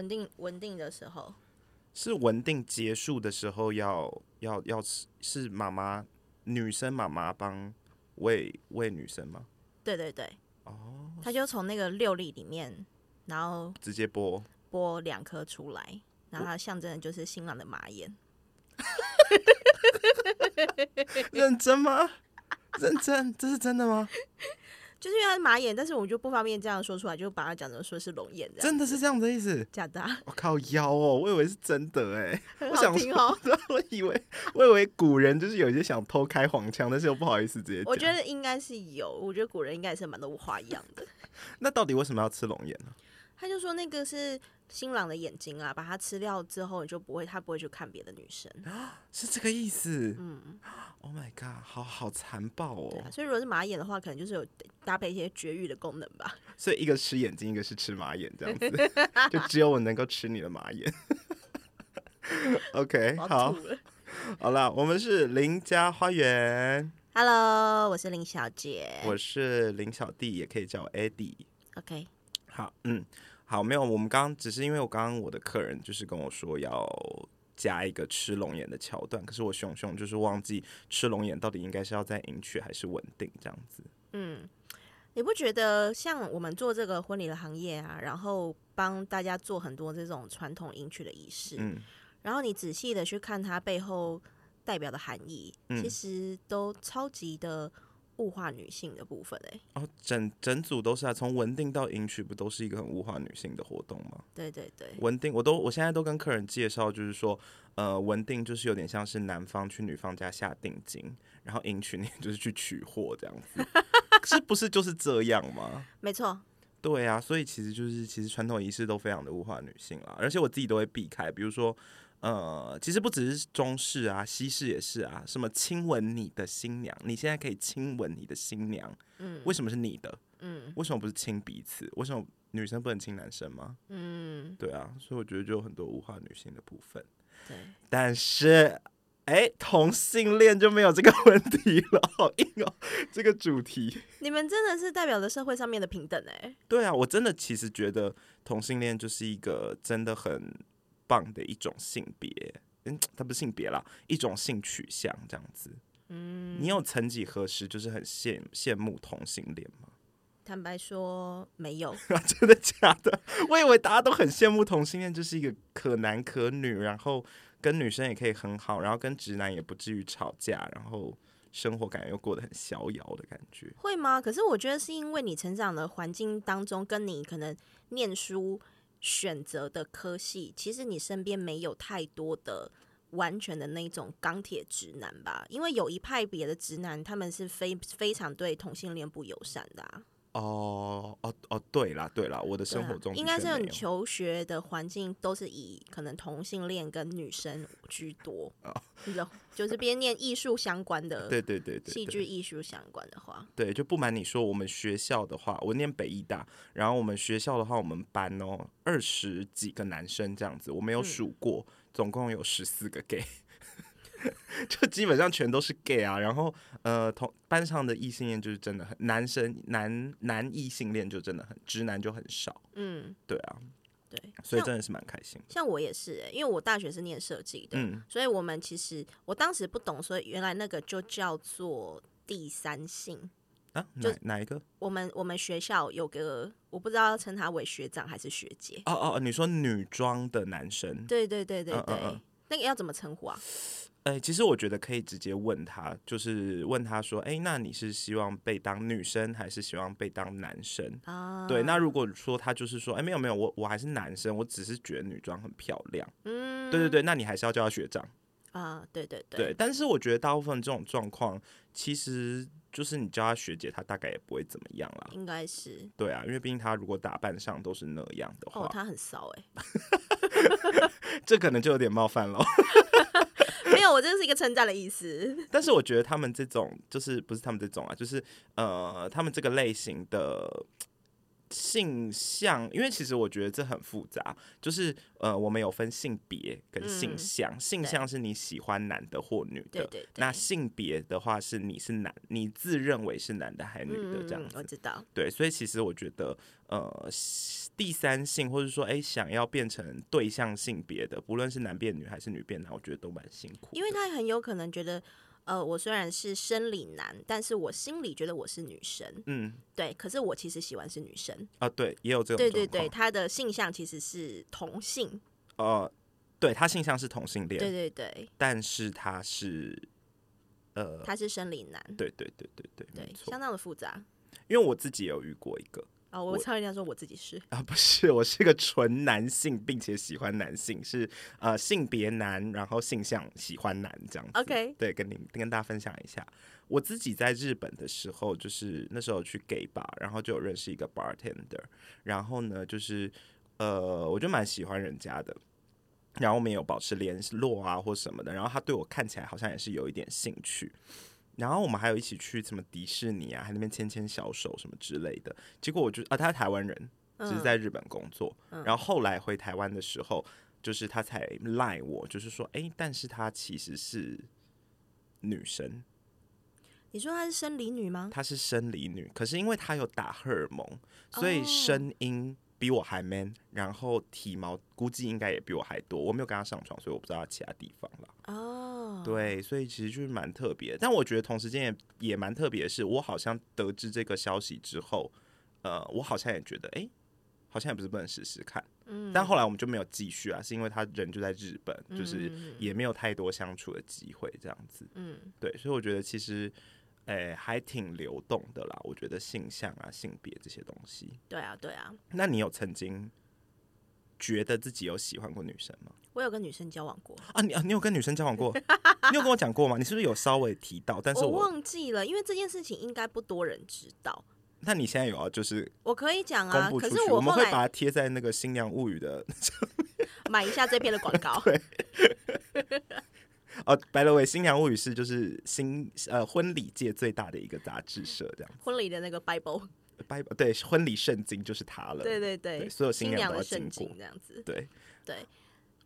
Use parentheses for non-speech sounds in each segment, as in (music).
文定文定的時候，是文定結束的時候要，要要要是媽媽女生媽媽幫餵餵女生嗎？對對對，哦，他就從那個六粒裡，裡面，然後直接剝剝兩顆出來，然後它象徵的就是新郎的馬眼。 (laughs) 認真嗎？認真， (laughs) 這是真的嗎？就是因為他是馬眼，但是我們就不方便這樣說出來，就把它講成說是龍眼，真的是這樣子的意思？假的、啊！我、哦、靠，妖哦，我以為是真的哎， (laughs) 我想聽哈、哦， (laughs) 我以為我以為古人就是有一些想偷開黃腔，但是又不好意思直接。 (laughs) 我覺得應該是有，我覺得古人應該也是蠻多花樣的。 (laughs) 那到底為什麼要吃龍眼呢、啊？他就說那個是，新郎的眼睛啊，把它吃掉之後，你就不會，他不會去看別的女生，是這個意思。嗯，Oh my God，好好殘暴哦。對啊，所以如果是馬眼的話，可能就是有搭配一些絕育的功能吧。所以一個吃眼睛，一個是吃馬眼，這樣子， (laughs) 就只有我能夠吃你的馬眼。 (laughs) OK，好，好了，我們是林家花園。Hello，我是林小姐，我是林小弟，也可以叫我 Eddie。OK，好，嗯。好，沒有，我們剛剛只是因為我剛剛我的客人就是跟我說要加一個吃龍眼的橋段，可是我熊熊就是忘記吃龍眼到底應該是要在迎娶還是穩定這樣子。嗯，你不覺得像我們做這個婚禮的行業啊，然後幫大家做很多這種傳統迎娶的儀式，嗯，然後你仔細的去看它背後代表的含義，嗯、其實都超級的。物化女性的部分、欸，哎，哦，整整組都是啊，從文定到迎娶，不都是一個很物化女性的活動嗎？對對對，文定我都我現在都跟客人介紹，就是說，呃，文定就是有點像是男方去女方家下定金，然後迎娶你就是去取貨這樣子，是不是就是這樣嗎？沒錯，對啊，所以其實就是其實傳統儀式都非常的物化女性啦，而且我自己都會避開，比如說。呃，其實不只是中式啊，西式也是啊。什麼親吻你的新娘，你現在可以親吻你的新娘。嗯，為什麼是你的？嗯，為什麼不是親彼此？為什麼女生不能親男生嗎？嗯，對啊。所以我覺得就有很多物化女性的部分。對，但是，哎、欸，同性戀就沒有這個問題了。好硬哦、喔，這個主題。你們真的是代表着社會上面的平等哎、欸。對啊，我真的其實覺得同性戀就是一個真的很。棒的一種性別，嗯，他不是性別啦，一種性取向這樣子。嗯，你有曾幾何時就是很羨羨慕同性戀嗎？坦白說，沒有。 (laughs) 真的假的？我以為大家都很羨慕同性戀，就是一個可男可女，然後跟女生也可以很好，然後跟直男也不至於吵架，然後生活感覺又過得很逍遙的感覺。會嗎？可是我覺得是因為你成長的環境當中，跟你可能念書。選擇的科系，其實你身邊沒有太多的完全的那種鋼鐵直男吧？因為有一派別的直男，他們是非非常對同性戀不友善的啊。哦哦哦，對啦對啦，我的生活中、啊、應該是很求學的環境都是以可能同性戀跟女生居多，oh. 就是邊念藝術相關的，對對對對，戲劇藝術相關的話，對,對,對,對,對,對,對，就不瞞你說，我們學校的話，我念北藝大，然後我們學校的話，我們班哦二十幾個男生這樣子，我沒有數過、嗯，總共有十四個 gay。 (laughs) 就基本上全都是 gay 啊，然後呃，同班上的異性戀就是真的很男生男男異性戀就真的很直男，就很少，嗯，對啊，對，所以真的是蠻開心。像，像我也是、欸，因為我大學是念設計的，嗯，所以我們其實我當時不懂，所以原來那個就叫做第三性啊，就哪一個？我們我們學校有個我不知道要稱他為學長還是學姐。哦哦，你說女裝的男生，對對對對對、對、對，嗯嗯嗯，那個要怎麼稱呼啊？哎，其實我覺得可以直接問他，就是問他說：“哎，那你是希望被當女生還是希望被當男生？”啊，對。那如果說他就是說：“哎，沒有沒有，我我還是男生，我只是覺得女裝很漂亮。”嗯，對對對，那你還是要叫他學長啊，對對對。但是我覺得大部分這種狀況，其實就是你叫他學姐，他大概也不會怎麼樣啦。應該是。對啊，因為畢竟他如果打扮上都是那樣的話，哦，他很騷哎， (laughs) 這可能就有點冒犯了。 (laughs) 沒有，我真是一個稱讚的意思。但是我覺得他們這種，就是不是他們這種啊，就是呃，他們這個類型的。性向，因為其實我覺得這很複雜，就是呃，我們有分性別跟性向。嗯，性向是你喜歡男的或女的，對對對，那性別的話是你是男，你自認為是男的還是女的？這樣子。嗯，我知道。對，所以其實我覺得呃，第三性或者說哎、欸，想要變成對象性別的，不論是男變女還是女變男，我覺得都蠻辛苦，因為他很有可能覺得。呃，我雖然是生理男，但是我心裡覺得我是女生。嗯，對，可是我其實喜歡是女生啊。對，也有這種，這種。對對對，他的性向其實是同性。呃，對，他性向是同性戀。對對對。但是他是，呃，他是生理男。對對對對對對，相當的複雜。因為我自己也有遇過一個。啊、oh,，我超人家說我自己是啊，呃、不是我是個純男性，並且喜歡男性，是呃性別男，然後性向喜歡男這樣子。OK，對，跟你跟大家分享一下，我自己在日本的時候，就是那時候去 gay 吧，然後就有認識一個 bartender，然後呢，就是呃，我就蠻喜歡人家的，然後我們也有保持聯絡啊或什麼的，然後他對我看起來好像也是有一點興趣。然後我們還有一起去什麼迪士尼啊，還那邊牽牽小手什麼之類的。結果我就啊，他是台灣人，嗯，只是在日本工作，嗯。然後後來回台灣的時候，就是他才賴我，就是說，哎，但是他其實是女生。’你說她是生理女嗎？她是生理女，可是因為她有打荷爾蒙，所以聲音。哦比我還 man，然後體毛估計應該也比我還多。我沒有跟他上床，所以我不知道他其他地方了。哦、oh.，對，所以其實就是蠻特別。但我覺得同時間也也蠻特別的是，我好像得知這個消息之後，呃，我好像也覺得，哎、欸，好像也不是不能試試看。Mm. 但後來我們就沒有繼續啊，是因為他人就在日本，就是也沒有太多相處的機會，這樣子。嗯、mm.，對，所以我覺得其實。欸，還挺流動的啦，我覺得性向啊、性別這些東西。對啊，對啊。那你有曾經覺得自己有喜歡過女生嗎？我有跟女生交往過啊，你啊，你有跟女生交往過？ (laughs) 你有跟我講過嗎？你是不是有稍微提到？但是我，我忘記了，因為這件事情應該不多人知道。那你現在有啊？就是我可以講啊，可是我，我們會把它貼在那個《新娘物語》的那邊，買一下這篇的廣告。 (laughs) 對 (laughs) 哦，by the way，《新娘物語》是就是新呃婚禮界最大的一個雜誌社，這樣婚禮的那個 Bible，Bible bible, 對，婚禮聖經就是他了。對對對，對所有新娘,都要新娘的聖經這樣子。對對，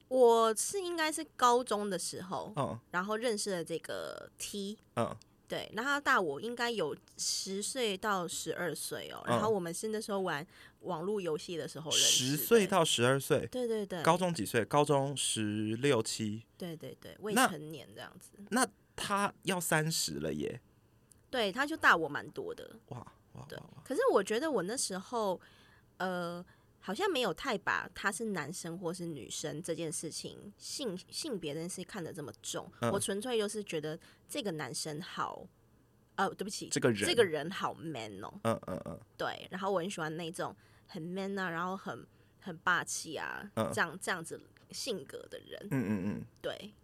我是應該是高中的時候，嗯，然後認識了這個 T，嗯，對，然後大我應該有十歲到十二歲哦，然後我們是那時候玩。嗯網絡遊戲的時候認識，十歲到十二歲，對，對對對，高中幾歲？高中十六七，對對對，未成年這樣子。那，那他要三十了耶，對，他就大我蠻多的。哇哇，哇，對，可是我覺得我那時候，呃，好像沒有太把他是男生或是女生這件事情性性別的事看得這麼重。嗯、我純粹就是覺得這個男生好，呃，對不起，這個人這個人好 man 哦、喔，嗯嗯嗯，對，然後我很喜歡那種。很 man 啊，然後很很霸氣啊、嗯，這樣這樣子性格的人，嗯嗯嗯，對，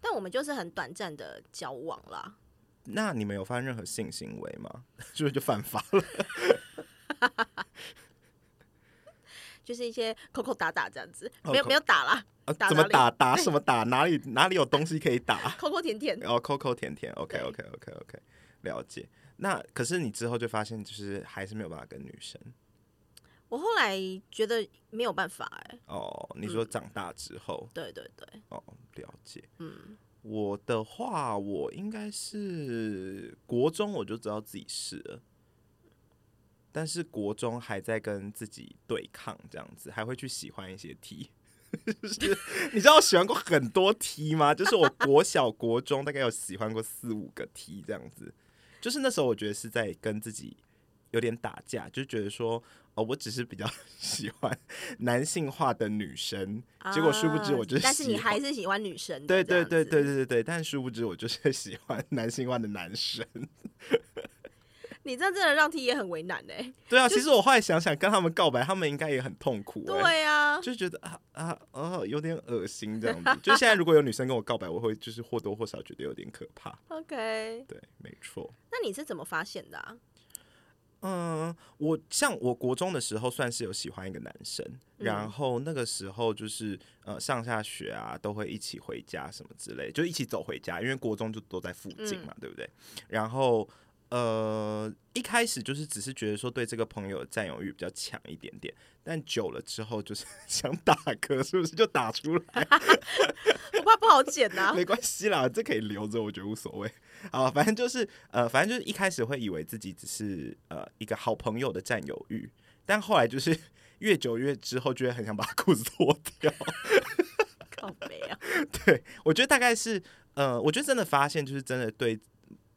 但我們就是很短暫的交往啦。那你沒有發生任何性行為嗎？是不是就犯法了？ (laughs) (laughs) 就是一些扣扣打打這樣子，oh, 沒有沒有打啦。啊、打怎麼打打什麼打？哪裡哪裡有東西可以打？扣扣甜甜，哦，扣扣甜甜。OK OK OK OK，了解。那可是你之後就發現，就是還是沒有辦法跟女生。我後來覺得沒有辦法哎、欸。哦，你說長大之後，嗯，對對對。哦，了解。嗯，我的話，我應該是國中我就知道自己是了，但是國中還在跟自己對抗這樣子，還會去喜歡一些 T。 (laughs) 就是 (laughs) 你知道我喜歡過很多 T 嗎？就是我國小 (laughs) 國中大概有喜歡過四五個 T 這樣子，就是那時候我覺得是在跟自己。有點打架，就覺得說，哦，我只是比較喜歡男性化的女生，啊、結果殊不知我就是。但是你還是喜歡女生。對對對對對對對，但殊不知我就是喜歡男性化的男生。你這真的讓 T 也很為難哎、欸。對啊、就是，其實我後來想想，跟他們告白，他們應該也很痛苦、欸。對呀、啊，就覺得啊啊啊，有點惡心這樣子。 (laughs) 就現在如果有女生跟我告白，我會就是或多或少覺得有點可怕。OK，對，沒錯。那你是怎麼發現的、啊？嗯，我像我國中的時候，算是有喜歡一個男生，嗯、然後那個時候就是呃，上下學啊都會一起回家什麼之類，就一起走回家，因為國中就都在附近嘛，嗯、對不對？然後。呃，一開始就是只是覺得說對這個朋友的占有欲比較強一點點，但久了之後就是想打嗝，是不是就打出來？ (laughs) 我怕不好剪吶、啊。沒關係啦，這可以留着，我覺得無所謂啊、呃。反正就是呃，反正就是一開始會以為自己只是呃一個好朋友的占有欲，但後來就是越久越之後，就會很想把褲子脫掉。 (laughs) 靠北啊，對，我覺得大概是呃，我覺得真的發現就是真的對。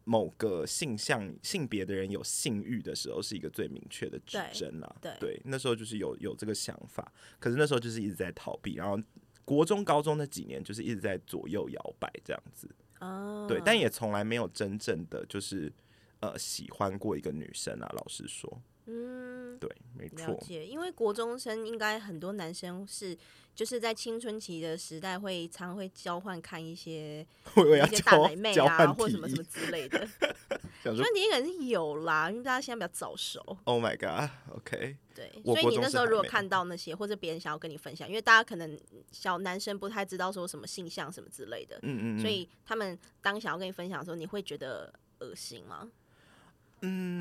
某個性向、性別的人有性慾的時候，是一個最明確的指針、啊、對，對，對，那時候就是有有這個想法，可是那時候就是一直在逃避，然後國中、高中那幾年就是一直在左右搖擺這樣子。哦、對，但也從來沒有真正的就是呃喜歡過一個女生啊，老實說。嗯，對，沒錯。了解，因為國中生應該很多男生是，就是在青春期的時代會常會交換看一些會有一些大奶妹啊，或什麼什麼之類的。 (laughs) 說你可能是有啦，因為大家現在比較早熟。Oh my god！OK，okay。對，所以你那時候如果看到那些，或者別人想要跟你分享，因為大家可能小男生不太知道說什麼性向什麼之類的。嗯，嗯嗯。所以他們當想要跟你分享的時候，你會覺得噁心嗎？嗯。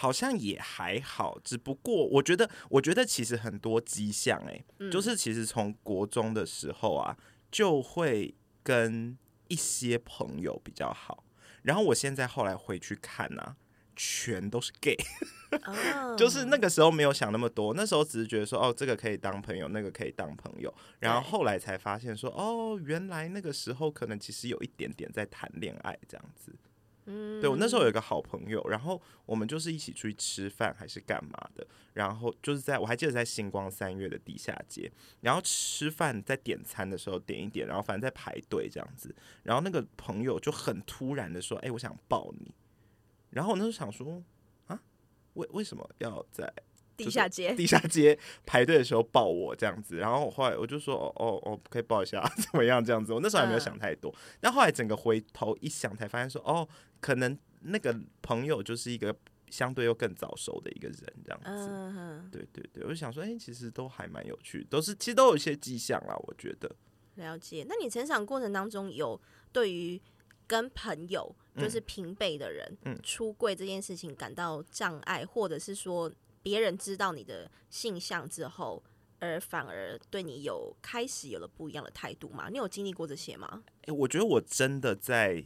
好像也還好，只不過我覺得，我覺得其實很多跡象、欸，哎、嗯，就是其實從國中的時候啊，就會跟一些朋友比較好。然後我現在後來回去看呢、啊，全都是 gay， (laughs) oh. 就是那個時候沒有想那麼多，那時候只是覺得說，哦，這個可以當朋友，那個可以當朋友。然後後來才發現說，哦，原來那個時候可能其實有一點點在談戀愛這樣子。對，我那時候有一個好朋友，然後我們就是一起出去吃飯還是幹嘛的，然後就是在我還記得在新光三越的地下街，然後吃飯在點餐的時候點一點，然後反正在排隊這樣子，然後那個朋友就很突然的說：“哎，我想抱你。”然後我那時候想說：“啊，為為什麼要在？”地下街，地下街排隊的時候抱我這樣子，然後我後來我就說哦哦，我可以抱一下，怎麼樣這樣子？我那時候還沒有想太多，然、呃、後後來整個回頭一想，才發現說哦，可能那個朋友就是一個相對又更早熟的一個人這樣子。呃、對對對，我就想說，哎、欸，其實都還蠻有趣，都是其實都有一些跡象啦，我覺得。了解，那你成長過程當中有對於跟朋友就是平輩的人、嗯嗯、出櫃這件事情感到障礙，或者是說？別人知道你的性向之後，而反而對你有開始有了不一樣的態度嗎？你有經歷過這些嗎？欸，我覺得我真的在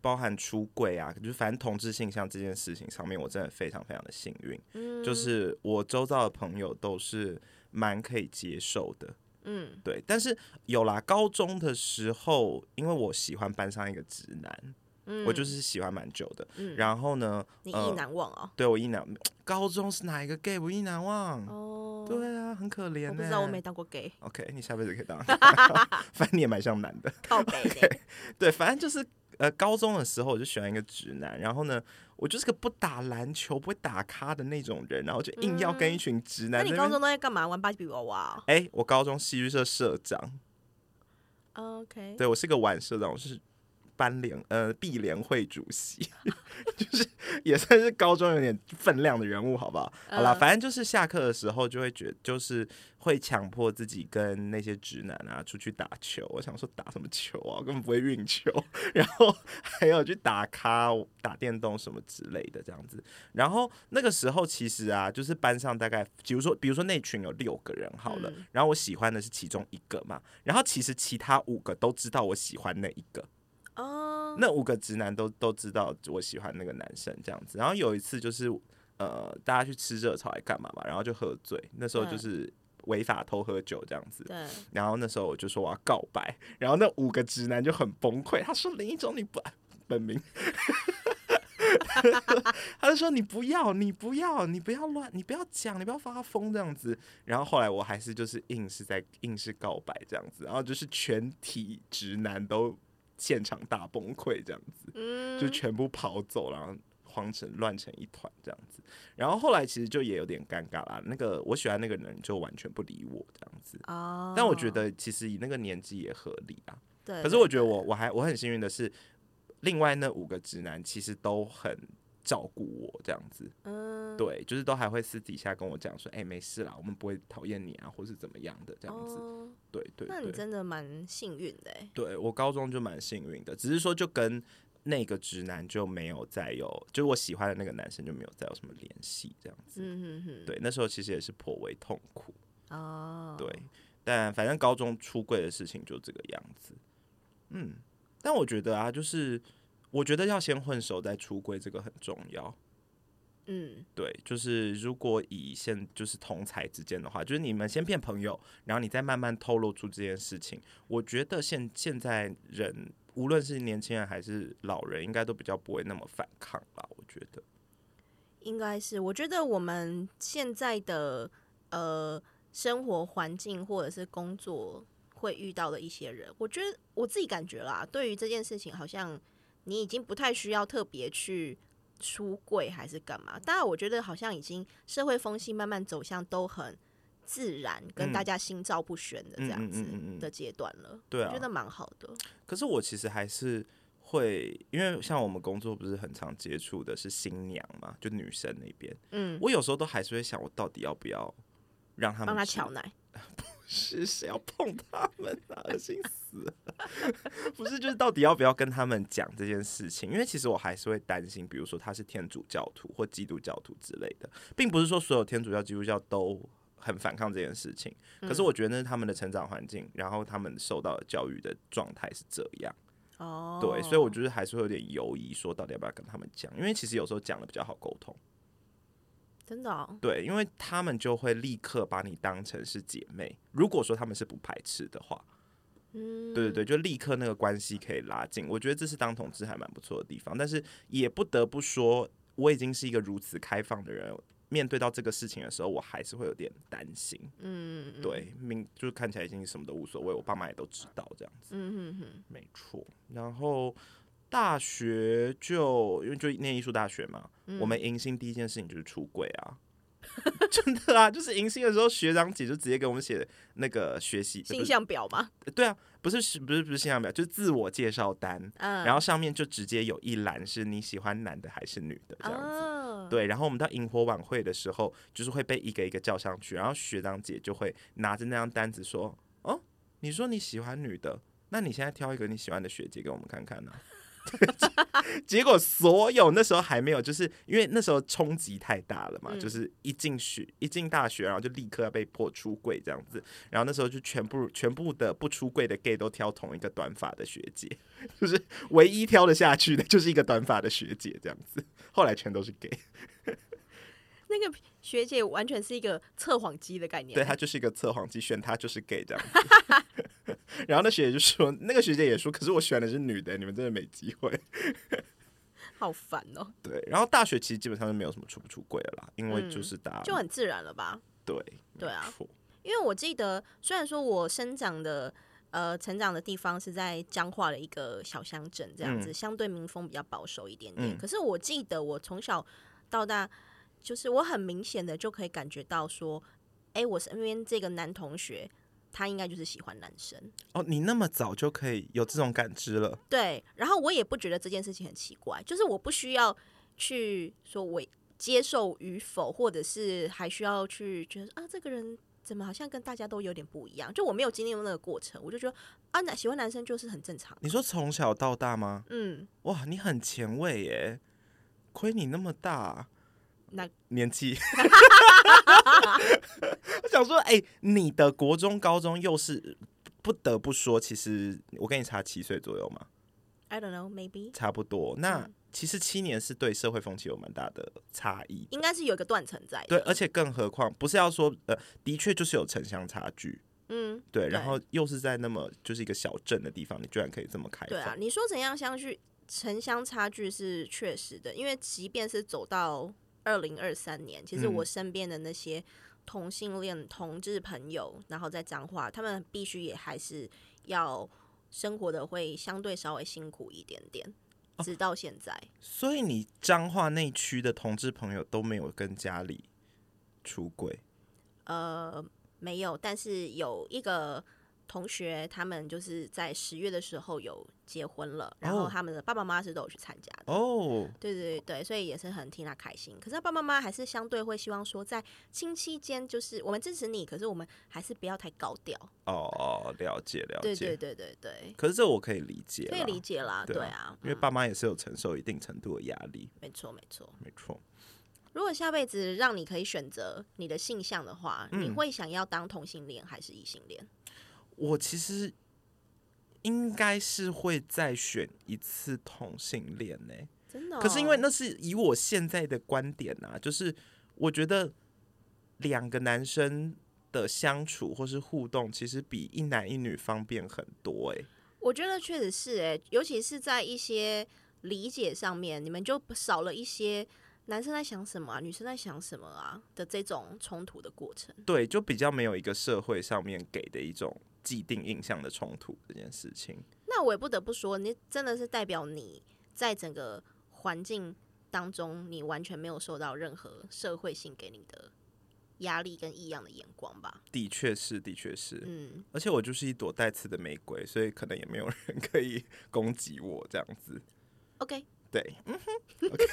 包含出櫃啊，就是反正同志性向這件事情上面，我真的非常非常的幸運。嗯，就是我周遭的朋友都是蠻可以接受的。嗯，對，但是有啦，高中的時候，因為我喜歡班上一個直男。嗯、我就是喜歡蠻久的、嗯，然後呢，你意難忘哦，呃、對我意難，高中是哪一個 gay 我意難忘哦，對啊，很可憐、欸，我不知道我沒當過 gay，OK，、okay, 你下輩子可以當， (laughs) (laughs) 反正你也蠻像男的靠北、okay, 對，反正就是呃高中的時候我就喜歡一個直男，然後呢，我就是個不打籃球不會打咖的那種人，然後就硬要跟一群直男那、嗯，那你高中都在幹嘛？玩芭比娃娃、啊？哎、欸，我高中戲劇社社長、哦、，OK，對我是個玩社長，我、就是。班聯呃，畢聯會主席， (laughs) 就是也算是高中有點分量的人物，好不好？好了，uh. 反正就是下課的時候就會覺得，就是會強迫自己跟那些直男啊出去打球。我想說打什麼球啊，我根本不會運球，然後還要去打卡、打電動什麼之類的，這樣子。然後那個時候其實啊，就是班上大概比如說比如說那群有六個人，好了、嗯，然後我喜歡的是其中一個嘛，然後其實其他五個都知道我喜歡那一個。那五個直男都都知道我喜歡那個男生這樣子，然後有一次就是呃，大家去吃熱炒來幹嘛嘛？然後就喝醉，那時候就是違法偷喝酒這樣子。對。然後那時候我就說我要告白，然後那五個直男就很崩潰，他說林一中你不本名， (laughs) (laughs) (laughs) 他就說你不要你不要你不要亂你不要講你不要發瘋這樣子。然後後來我還是就是硬是在硬是告白這樣子，然後就是全體直男都，現場大崩潰，這樣子、嗯，就全部跑走，然後慌成亂成一團，這樣子。然後後來其實就也有點尷尬啦。那個我喜歡那個人就完全不理我，這樣子、哦。但我覺得其實以那個年紀也合理啊。對對對。可是我覺得我我還我很幸運的是，另外那五個直男其實都很。照顧我這樣子，嗯，對，就是都還會私底下跟我講說，哎、欸，沒事啦，我們不會討厭你啊，或是怎麼樣的這樣子，哦、對對對。那你真的蠻幸運的、欸。對我高中就蠻幸運的，只是說就跟那個直男就沒有再有，就是我喜歡的那個男生就沒有再有什麼聯繫這樣子、嗯哼哼。對，那時候其實也是頗為痛苦。哦。對，但反正高中出櫃的事情就這個樣子。嗯。但我覺得啊，就是。我覺得要先混熟再出櫃，這個很重要。嗯，對，就是如果以現就是同儕之間的話，就是你們先騙朋友，然後你再慢慢透露出這件事情。我覺得現現在人，無論是年輕人還是老人，應該都比較不會那麼反抗吧？我覺得應該是。我覺得我們現在的呃生活環境或者是工作會遇到的一些人，我覺得我自己感覺啦，對於這件事情好像。你已經不太需要特別去出櫃還是幹嘛？當然，我覺得好像已經社會風氣慢慢走向都很自然，嗯、跟大家心照不宣的這樣子的階段了。嗯嗯嗯、我對啊，覺得蠻好的。可是我其實還是會，因為像我們工作不是很常接觸的是新娘嘛，就女生那邊，嗯，我有時候都還是會想，我到底要不要讓他們幫他喬奶？是誰要碰他們的，惡心死了！ (laughs) 不是，就是到底要不要跟他們講這件事情？因為其實我還是會擔心，比如說他是天主教徒或基督教徒之類的，並不是說所有天主教、基督教都很反抗這件事情。可是我覺得那是他們的成長環境，然後他們受到的教育的狀態是這樣。哦，對，所以我就是還是會有點猶疑，說到底要不要跟他們講？因為其實有時候講了比較好溝通。真的哦、對，因為他們就會立刻把你當成是姐妹。如果說他們是不排斥的話，嗯，對對對，就立刻那個關係可以拉近。我覺得這是當同志還蠻不錯的地方，但是也不得不說，我已經是一個如此開放的人，面對到這個事情的時候，我還是會有點擔心。嗯，嗯，對，明就是看起來已經什麼都無所謂，我爸媽也都知道這樣子。嗯哼哼，沒錯。然後。大學就因為就念藝術大學嘛，嗯、我們迎新第一件事情就是出櫃啊， (laughs) (laughs) 真的啊，就是迎新的時候學長姐就直接給我們寫那個學習性向表嘛、欸，對啊，不是，是不是，不是性向表，就是自我介紹單、嗯，然後上面就直接有一欄是你喜歡男的還是女的這樣子，哦、對，然後我們到營火晚會的時候，就是會被一個一個叫上去，然後學長姐就會拿着那張單子說，哦、嗯，你說你喜歡女的，那你現在挑一個你喜歡的學姐給我們看看呢、啊。 (laughs) 結果，所有那時候還沒有，就是因為那時候衝擊太大了嘛，就是一進學，一進大學，然後就立刻要被迫出櫃這樣子。然後那時候就全部，全部的不出櫃的 gay 都挑同一個短髮的學姐，就是唯一挑得下去的，就是一個短髮的學姐這樣子。後來全都是 gay。 (laughs) 那個學姐完全是一個測謊機的概念，對，她就是一個測謊機，選她就是 gay 這樣， (laughs) (laughs) 然後那學姐就說：“那個學姐也說，可是我選的是女的，你們真的沒機會。 (laughs) ”好煩哦、喔。對，然後大學其實基本上就沒有什麼出不出櫃的啦，因為就是大家、嗯、就很自然了吧？對，對啊，因為我記得，雖然說我生長的呃成長的地方是在彰化的一個小鄉鎮，這樣子、嗯、相對民風比較保守一點點，嗯、可是我記得我從小到大。就是我很明顯的就可以感覺到說，哎、欸，我身邊這個男同學他應該就是喜歡男生哦。你那麼早就可以有這種感知了？對。然後我也不覺得這件事情很奇怪，就是我不需要去說我接受與否，或者是還需要去覺得啊，這個人怎麼好像跟大家都有點不一樣？就我沒有經歷過那個過程，我就覺得啊，那喜歡男生就是很正常。你說從小到大嗎？嗯。哇，你很前衛耶！虧你那麼大。那年紀 (laughs) (laughs) 我想說，哎、欸，你的國中、高中又是不得不說，其實我跟你差七歲左右嘛。I don't know, maybe 差不多。那、嗯、其實七年是對社會風氣有蠻大的差異，應該是有一個斷層在。對，而且更何況不是要說，呃，的確就是有城鄉差距，嗯，對。然後又是在那麼就是一個小鎮的地方，你居然可以這麼開。對啊，你說城鄉相距，城鄉差距是確實的，因為即便是走到。二零二三年，其實我身邊的那些同性戀同志朋友、嗯，然後在彰化，他們必須也還是要生活的，會相對稍微辛苦一點點，哦、直到現在。所以你彰化內區的同志朋友都沒有跟家裡出櫃？呃，沒有，但是有一個。同學，他們就是在十月的時候有結婚了，然後他們的爸爸媽媽是都有去參加的哦。Oh. 對，對對對，所以也是很替他開心。可是他爸爸媽媽還是相對會希望說，在親戚間，就是我們支持你，可是我們還是不要太高調。哦哦，了解了解，對對對對對。可是這我可以理解，可以理解啦。對啊，對啊，因為爸媽也是有承受一定程度的壓力。嗯、沒錯沒錯沒錯。如果下輩子讓你可以選擇你的性向的話、嗯，你會想要當同性戀還是異性戀？我其實應該是會再選一次同性戀呢、欸，真的。哦。可是因為那是以我現在的觀點啊，就是我覺得兩個男生的相處或是互動，其實比一男一女方便很多。欸。哎，我覺得確實是哎、欸，尤其是在一些理解上面，你們就少了一些男生在想什麼啊，女生在想什麼啊的這種衝突的過程。對，就比較沒有一個社會上面給的一種。既定印象的衝突這件事情，那我也不得不說，你真的是代表你在整個環境當中，你完全沒有受到任何社會性給你的壓力跟異樣的眼光吧？的確是，的確是，嗯。而且我就是一朵帶刺的玫瑰，所以可能也沒有人可以攻擊我這樣子。OK，對 (laughs) ，OK。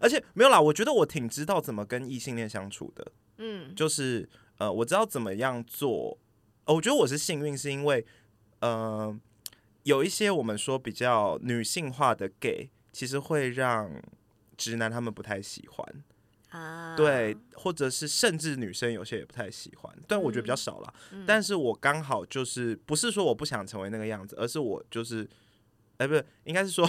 而且沒有啦，我覺得我挺知道怎麼跟異性戀相處的。嗯，就是呃，我知道怎麼樣做。哦、我覺得我是幸運，是因為，嗯、呃、有一些我們說比較女性化的 gay，其實會讓直男他們不太喜歡、啊，對，或者是甚至女生有些也不太喜歡，但我覺得比較少了、嗯。但是我剛好就是不是說我不想成為那個樣子，而是我就是，哎、呃，不是，應該是說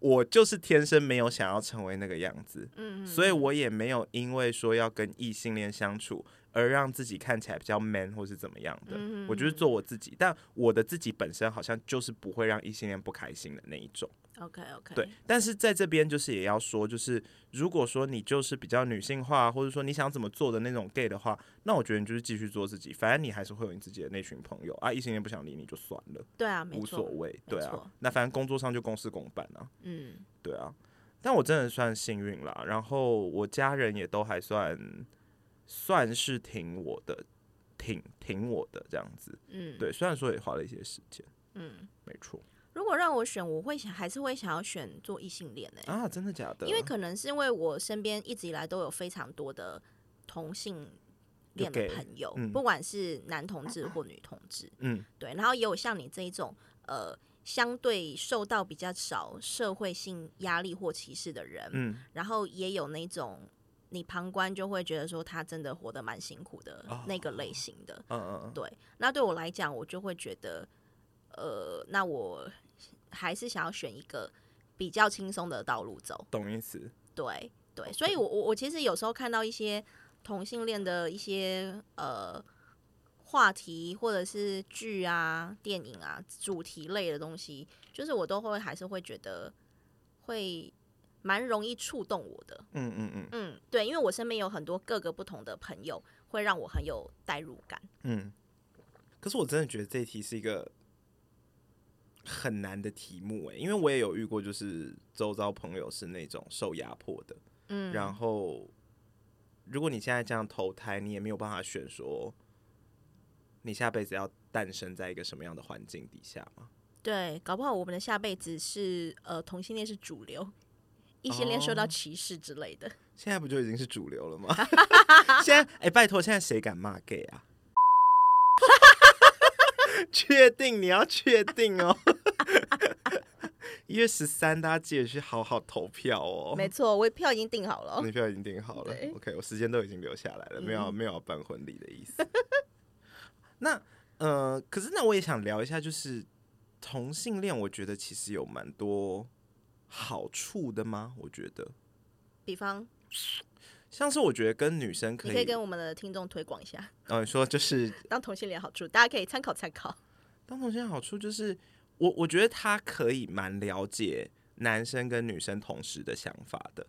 我就是天生沒有想要成為那個樣子，嗯、哼哼，所以我也沒有因為說要跟異性戀相處。而讓自己看起來比較 man 或是怎麼樣的嗯嗯嗯，我就是做我自己。但我的自己本身好像就是不會讓異性戀不開心的那一種。OK OK。對，但是在這邊就是也要說，就是如果說你就是比較女性化，或者說你想怎麼做的那種 gay 的話，那我覺得你就是繼續做自己，反正你還是會有你自己的那群朋友啊。異性戀不想理你就算了，對啊，沒錯，無所謂，對啊。那反正工作上就公事公辦啊。嗯，對啊。但我真的算幸運啦，然後我家人也都還算。算是挺我的，挺挺我的這樣子，嗯，對，雖然說也花了一些時間，嗯，沒錯。如果讓我選，我會想還是會想要選做異性戀呢，欸。啊，真的假的？因為可能是因為我身邊一直以來都有非常多的同性戀的朋友 Okay，嗯，不管是男同志或女同志，啊，嗯，對，然後也有像你這一種，呃，相對受到比較少社會性壓力或歧視的人，嗯，然後也有那種。你旁觀就會覺得說他真的活得蠻辛苦的，oh, 那個類型的，嗯、uh, 嗯、uh, uh, 對。那對我來講，我就會覺得，呃，那我還是想要選一個比較輕鬆的道路走。懂意思？對對。Okay. 所以我我我其實有時候看到一些同性戀的一些呃話題或者是劇啊、電影啊、主題類的東西，就是我都會還是會覺得會。蠻容易觸動我的，嗯嗯嗯，嗯，對，因為我身邊有很多各個不同的朋友，會讓我很有代入感，嗯。可是我真的覺得這一題是一個很難的題目哎，因為我也有遇過，就是周遭朋友是那種受壓迫的，嗯。然後，如果你現在這樣投胎，你也沒有辦法選說，你下輩子要誕生在一個什麼樣的環境底下嗎？對，搞不好我們的下輩子是呃同性戀是主流。異性戀受到歧視之類的、哦，現在不就已經是主流了嗎？ (laughs) (laughs) 現在哎、欸，拜託，現在誰敢罵 gay 啊？確 (laughs) (laughs) 定你要確定哦？一 (laughs) 月十三，大家記得去好好投票哦。沒錯，我票已經訂好了。哦，你票已經訂好了。OK，我時間都已經留下來了，嗯、沒有要沒有辦婚禮的意思。 (laughs) 那呃，可是那我也想聊一下，就是同性戀，我覺得其實有蠻多。好處的嗎？我覺得，比方像是我覺得跟女生可以，可以跟我們的聽眾推廣一下。哦，你說就是 (laughs) 當同性戀好處，大家可以參考參考。當同性戀好處就是，我我覺得他可以蠻了解男生跟女生同時的想法的。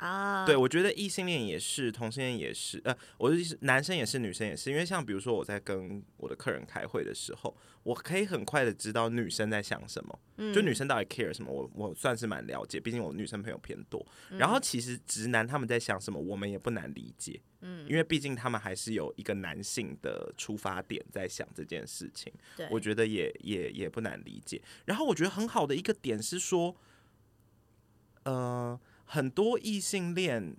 啊，對，我覺得異性戀也是，同性戀也是，呃，我的意思，男生也是，女生也是，因為像比如說我在跟我的客人開會的時候，我可以很快的知道女生在想什麼，嗯、就女生到底 care 什麼，我我算是蠻了解，畢竟我女生朋友偏多，嗯。然後其實直男他們在想什麼，我們也不難理解，嗯，因為畢竟他們還是有一個男性的出發點在想這件事情，我覺得也也也不難理解。然後我覺得很好的一個點是說，呃。很多異性戀，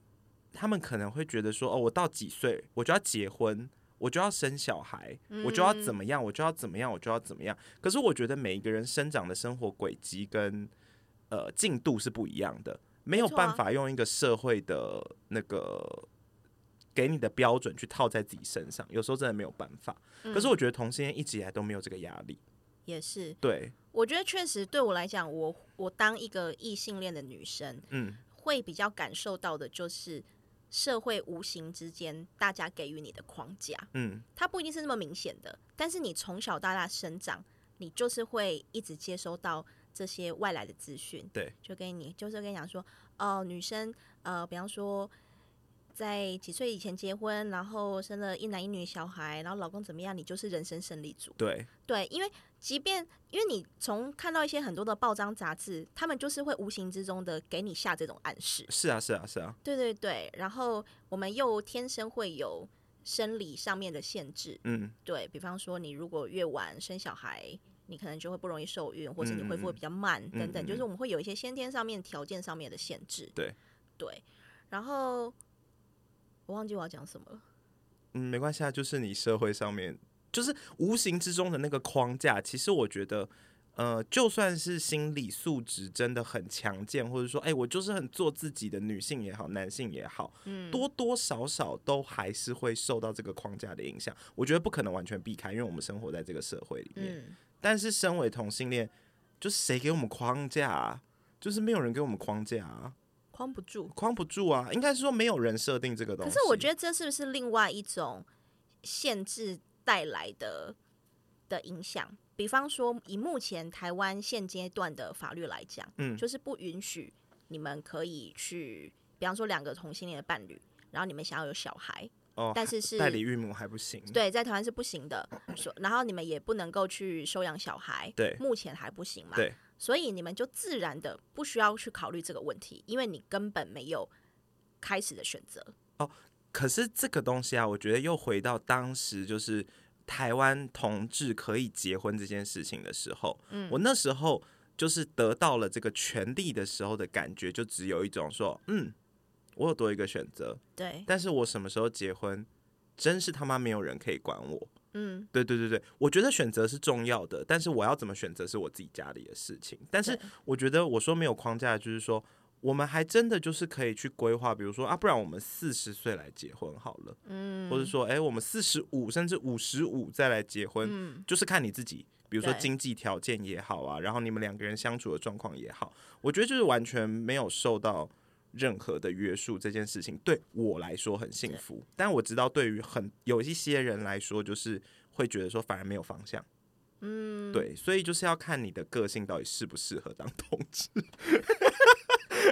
他們可能會覺得說：“哦，我到幾歲我就要結婚，我就要生小孩，嗯，我就要怎麼樣，我就要怎麼樣，我就要怎麼樣。”可是我覺得每一個人生長的生活軌跡跟呃進度是不一樣的，沒有辦法用一個社會的那個給你的標準去套在自己身上。有時候真的沒有辦法。嗯，可是我覺得同性戀一直以來都沒有這個壓力。也是。對。我覺得確實對我來講，我我當一個異性戀的女生，嗯。會比較感受到的就是社會無形之間，大家給予你的框架，嗯，它不一定是那麼明顯的，但是你從小到大生長，你就是會一直接收到這些外來的資訊，對，就跟你就是跟你講說，哦、呃，女生，呃，比方說在幾歲以前結婚，然後生了一男一女小孩，然後老公怎麼樣，你就是人生勝利組，對，對，因為。即便因為你從看到一些很多的報章雜誌，他們就是會無形之中的給你下這種暗示。是啊，是啊，是啊。對對對，然後我們又天生會有生理上面的限制。嗯，對比方說，你如果越晚生小孩，你可能就會不容易受孕，或是你恢復會比較慢、嗯、等等，就是我們會有一些先天上面條件上面的限制。對對，然後我忘記我要講什麼了。嗯，沒關係啊，就是你社會上面。就是無形之中的那個框架，其實我覺得，呃，就算是心理素質真的很強健，或者說，欸，我就是很做自己的女性也好，男性也好，多多少少都還是會受到這個框架的影響。我覺得不可能完全避開，因為我們生活在這個社會裡面。嗯。但是身為同性戀，就是誰給我們框架啊？就是沒有人給我們框架啊，框不住，框不住啊！應該是說沒有人設定這個東西。可是我覺得這是不是另外一種限制？帶來的的影響，比方說以目前台灣現階段的法律來講，嗯，就是不允許你們可以去，比方說兩個同性戀的伴侶，然後你們想要有小孩，哦，但是是代理孕母還不行，對，在台灣是不行的，說、哦，然後你們也不能夠去收養小孩，對，目前還不行嘛，對，所以你們就自然的不需要去考慮這個問題，因為你根本沒有開始的選擇可是這個東西啊，我覺得又回到當時就是台灣同志可以結婚這件事情的時候，嗯，我那時候就是得到了這個權利的時候的感覺，就只有一種說，嗯，我有多一個選擇，對，但是我什麼時候結婚，真是他媽沒有人可以管我，嗯，對對對對，我覺得選擇是重要的，但是我要怎麼選擇是我自己家裡的事情，但是我覺得我說沒有框架就是說。我們還真的就是可以去規劃，比如說啊，不然我們四十歲來結婚好了，嗯，或者說哎，欸，我們四十五甚至五十五再來結婚，嗯，就是看你自己，比如說經濟條件也好啊，然後你們兩個人相處的狀況也好，我覺得就是完全沒有受到任何的約束，這件事情對我來說很幸福。但我知道對，對於很有一些人來說，就是會覺得說反而沒有方向，嗯，對，所以就是要看你的個性到底適不適合當同志。嗯 (laughs)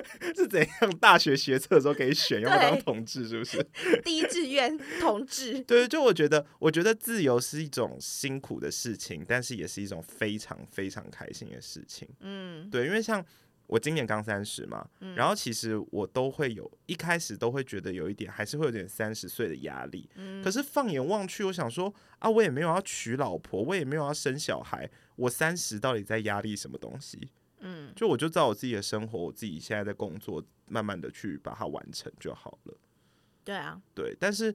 (laughs) 是怎樣大學學冊的時候可以選用 (laughs) 當同志是不是？第一志願同志，對，就我覺得，我覺得自由是一種辛苦的事情，但是也是一種非常非常開心的事情。嗯，對，因為像我今年剛三十嘛、嗯，然後其實我都會有，一開始都會覺得有一點，還是會有點三十歲的壓力、嗯。可是放眼望去，我想說啊，我也沒有要娶老婆，我也沒有要生小孩，我三十到底在壓力什麼東西？嗯，就我就照我自己的生活，我自己現在在工作，慢慢的去把它完成就好了。對啊，對。但是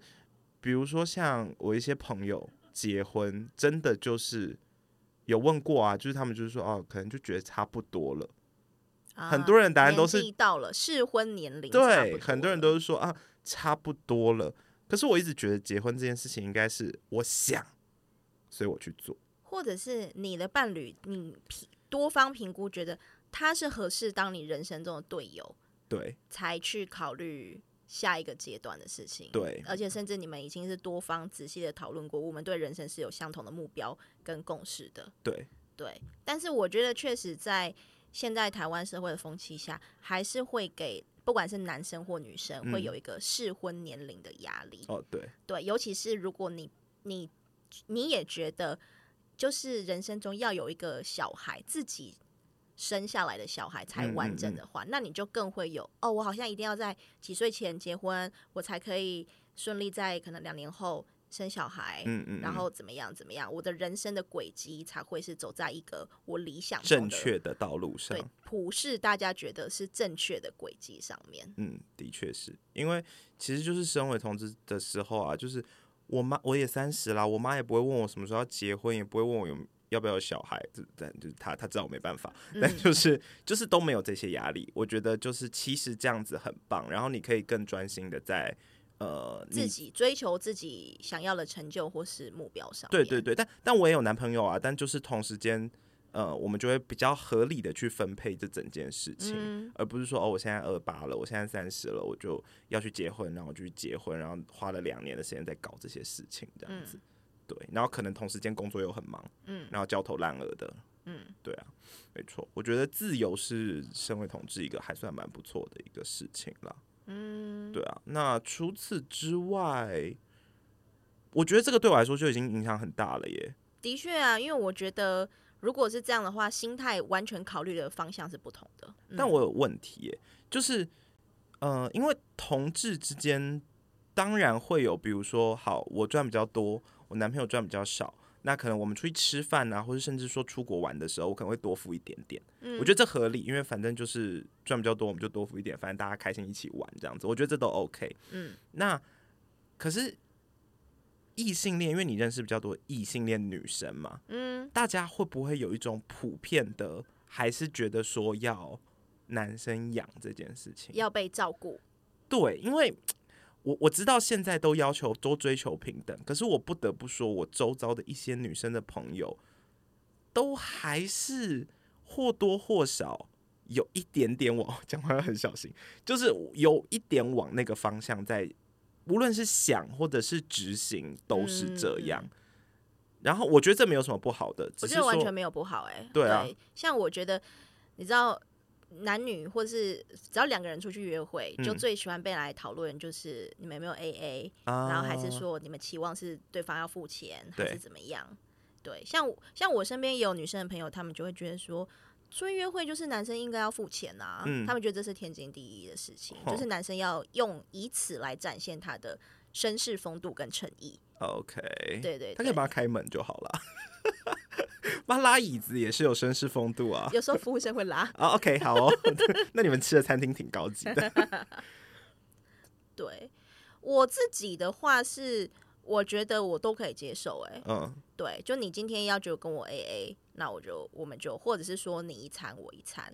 比如說像我一些朋友結婚，真的就是有問過啊，就是他們就是說哦、啊，可能就覺得差不多了。啊、很多人答案都是到了適婚年齡。對，很多人都是說啊，差不多了。可是我一直覺得結婚這件事情應該是我想，所以我去做，或者是你的伴侶，你。多方評估，覺得他是合適當你人生中的隊友，對，才去考慮下一個階段的事情，對，而且甚至你們已經是多方仔細的討論過，我們對人生是有相同的目標跟共識的，對對。但是我覺得，確實在現在台灣社會的風氣下，還是會給不管是男生或女生，嗯、會有一個適婚年齡的壓力。哦，對對，尤其是如果你你你也覺得。就是人生中要有一個小孩，自己生下來的小孩才完整的話，嗯嗯嗯，那你就更會有哦。我好像一定要在幾歲前結婚，我才可以順利在可能兩年後生小孩，嗯、嗯嗯，然後怎麼樣怎麼樣，我的人生的軌跡才會是走在一個我理想正確的道路上？對，普世大家覺得是正確的軌跡上面。嗯，的確是因為其實就是身為同志的時候啊，就是。我媽我也三十啦，我媽也不會問我什麼時候要結婚，也不會問我有要不要有小孩。但就是她，她知道我沒辦法，但就是、嗯、就是都沒有這些壓力。我覺得就是其實這樣子很棒，然後你可以更專心的在呃自己追求自己想要的成就或是目標上。對對對，但但我也有男朋友啊，但就是同時間。呃、嗯，我們就會比較合理的去分配這整件事情，嗯、而不是說哦，我現在二八了，我現在三十了，我就要去結婚，然後我就去結婚，然後花了兩年的時間在搞這些事情這樣子。嗯、對，然後可能同時間工作又很忙，嗯，然後焦頭爛額的，嗯，對啊，沒錯，我覺得自由是身為同志一個還算蠻不錯的一個事情了，嗯，對啊。那除此之外，我覺得這個對我來說就已經影響很大了耶。的確啊，因為我覺得。如果是這樣的話，心態完全考慮的方向是不同的。嗯。但我有問題欸，就是，嗯，呃，因為同志之間當然會有，比如說，好，我賺比較多，我男朋友賺比較少，那可能我們出去吃飯啊，或者甚至說出國玩的時候，我可能會多付一點點。嗯，我覺得這合理，因為反正就是賺比較多，我們就多付一點，反正大家開心一起玩這樣子，我覺得這都 OK。嗯，那可是。異性戀，因為你認識比較多異性戀女生嘛，嗯，大家會不會有一種普遍的，還是覺得說要男生養這件事情，要被照顧？對，因為我我知道現在都要求都追求平等，可是我不得不說，我周遭的一些女生的朋友，都還是或多或少有一點點往，我講話要很小心，就是有一點往那個方向在。無論是想或者是執行都是這樣、嗯，然後我覺得這沒有什麼不好的，我覺得完全沒有不好哎、欸，對啊對。像我覺得你知道男女或者是只要兩個人出去約會，嗯、就最喜歡被來討論，就是你們有沒有 AA、啊、然後還是說你們期望是對方要付錢還是怎麼樣？對，對像像我身邊也有女生的朋友，他們就會覺得說。所以約會就是男生應該要付錢啊、嗯，他們覺得這是天經地義的事情，哦、就是男生要用以此來展現他的紳士風度跟誠意。OK，對對，對，他可以幫他開門就好了，幫 (laughs) 他拉椅子也是有紳士風度啊。有時候服務生會拉啊。 (laughs) oh, OK，好哦， (laughs) 那你們吃的餐廳挺高級的。 (laughs) 對我自己的話是，我覺得我都可以接受。哎，嗯，對，就你今天要就跟我 AA。那我就我們就或者是說你一餐我一餐，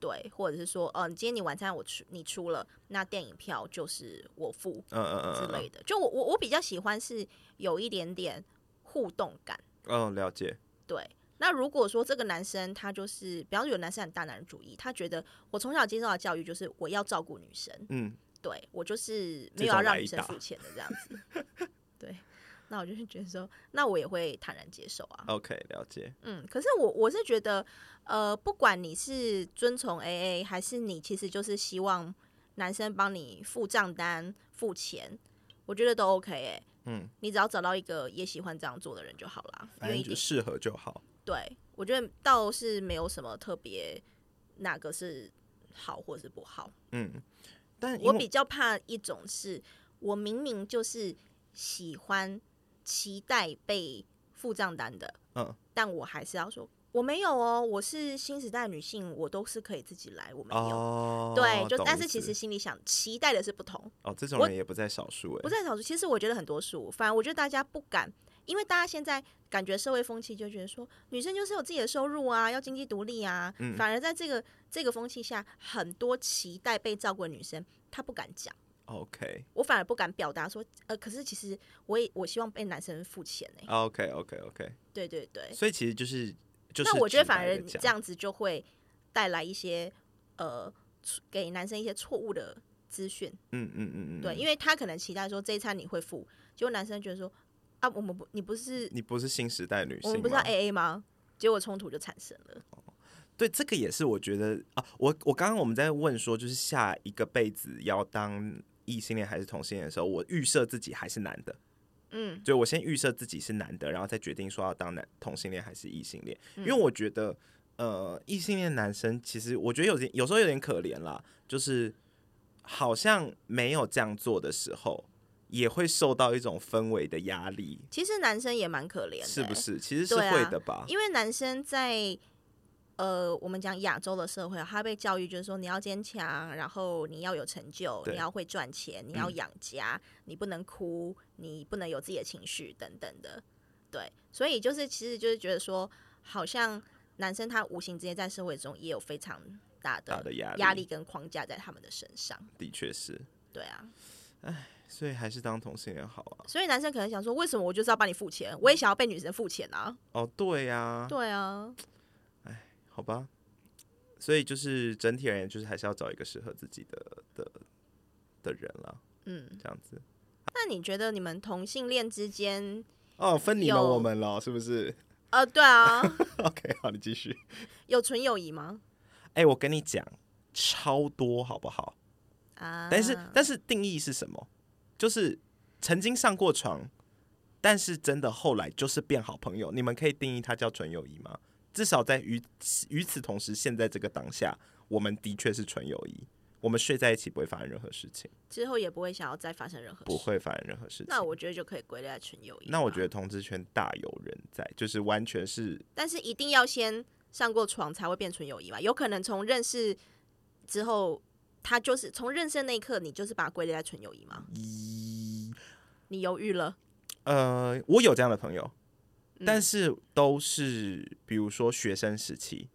對，或者是說，嗯，今天你晚餐我出，你出了那電影票就是我付，嗯嗯，之類的。嗯嗯嗯、就我我我比較喜歡是有一點點互動感。嗯，了解。對，那如果說這個男生他就是，比方說有男生很大男人主義，他覺得我從小接受的教育就是我要照顧女生，嗯，對我就是沒有要讓女生付錢的這樣子。 (laughs) 那我就是覺得說，那我也會坦然接受啊。OK，了解。嗯，可是我我是覺得，呃，不管你是遵從 AA 還是你其實就是希望男生幫你付賬單、付錢，我覺得都 OK 誒、欸。嗯，你只要找到一個也喜歡這樣做的人就好了，反正就適合就好。對，我覺得倒是沒有什麼特別哪個是好或是不好。嗯，但我比較怕一種是我明明就是喜歡。期待被付賬單的，嗯，但我還是要說，我沒有哦、喔，我是新時代的女性，我都是可以自己來，我沒有，哦、對，就但是其實心裡想期待的是不同哦，這種人也不在少數、欸，不在少數。其實我覺得很多數，反而我覺得大家不敢，因為大家現在感覺社會風氣就覺得說，女生就是有自己的收入啊，要經濟獨立啊、嗯，反而在這個這個風氣下，很多期待被照顧的女生她不敢講。OK，我反而不敢表達說，呃，可是其實我也我希望被男生付錢呢、欸。OK，OK，OK，、okay, okay, okay. 對對對，所以其實就是，就是、那我覺得反而這樣子就會帶來一些呃，給男生一些錯誤的資訊。嗯嗯嗯嗯，對，因為他可能期待說這一餐你會付，結果男生覺得說啊，我們不，你不是，你不是新時代女生，我們不是 AA 嗎？結果衝突就產生了、哦。對，這個也是我覺得啊，我我剛剛我們在問說，就是下一個輩子要當。異性戀還是同性戀的時候，我預設自己還是男的，嗯，對，我先預設自己是男的，然後再決定說要當男同性戀還是異性戀。嗯，因為我覺得，呃，異性戀男生其實我覺得有點，有時候有點可憐啦，就是好像沒有這樣做的時候，也會受到一種氛圍的壓力。其實男生也蠻可憐的欸，是不是？其實是會的吧，啊，因為男生在。呃，我們講亞洲的社會，他被教育就是說你要堅強，然後你要有成就，你要會賺錢，你要養家，嗯，你不能哭，你不能有自己的情緒等等的。對，所以就是其實就是覺得說，好像男生他無形之間在社會中也有非常大的壓力跟框架在他們的身上。的確是，對啊，唉，所以還是當同志也好啊。所以男生可能想說，為什麼我就是要幫你付錢？我也想要被女生付錢啊。哦，對呀，啊，對啊。好吧，所以就是整體而言，就是還是要找一個適合自己的的，的人了。嗯，這樣子。那你覺得你們同性戀之間哦，分你們我們了，是不是？哦、呃，對啊。 (laughs) OK，好，你繼續。有純友誼嗎？哎、欸，我跟你講，超多好不好？啊，但是但是定義是什麼？就是曾經上過床，但是真的後來就是變好朋友，你們可以定義它叫純友誼嗎？至少在與與此同時，現在這個當下，我們的確是純友誼，我們睡在一起不會發生任何事情，之後也不會想要再發生任何事，事不會發生任何事情。那我覺得就可以歸類在純友誼。那我覺得同志圈大有人在，就是完全是，但是一定要先上過床才會變純友誼吧？有可能從認識之後，他就是從認識的那一刻，你就是把它歸類在純友誼嗎？咦，你猶豫了？呃，我有這樣的朋友。但是都是比如說學生時期，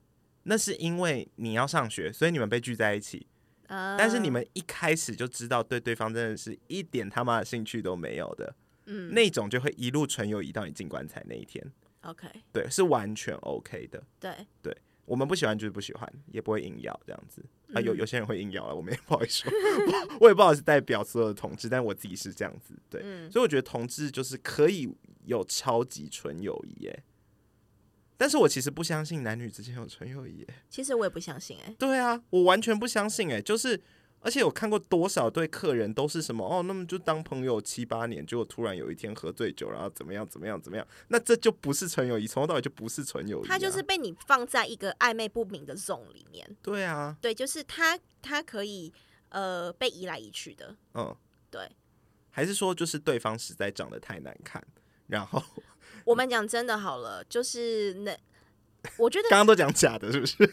那是因為你要上學，所以你們被聚在一起。嗯、但是你們一開始就知道對對方真的是一點他媽的興趣都沒有的，嗯，那種就會一路純友誼到你進棺材那一天。OK，對，是完全 OK 的。對，對我們不喜歡就是不喜歡，也不會硬要這樣子。嗯、啊，有有些人會硬要。啊，我們也不好意思說，我，我也不好意思代表所有的同志，但我自己是這樣子，對，嗯、所以我覺得同志就是可以有超級純友誼，誒，但是我其實不相信男女之間有純友誼，其實我也不相信、欸，誒，對啊，我完全不相信，誒，就是。而且我看過多少對客人都是什麼哦，那麼就當朋友七八年，結果突然有一天喝醉酒，然後怎麼樣怎麼樣怎麼樣，那這就不是純友誼，從頭到尾就不是純友誼啊。他就是被你放在一個曖昧不明的 zone 裡面。對啊，對，就是他他可以呃被移來移去的。嗯，對。還是說就是對方實在長得太難看？然後我們講真的好了， (laughs) 就是那我覺得剛剛 (laughs) 都講假的，是不是？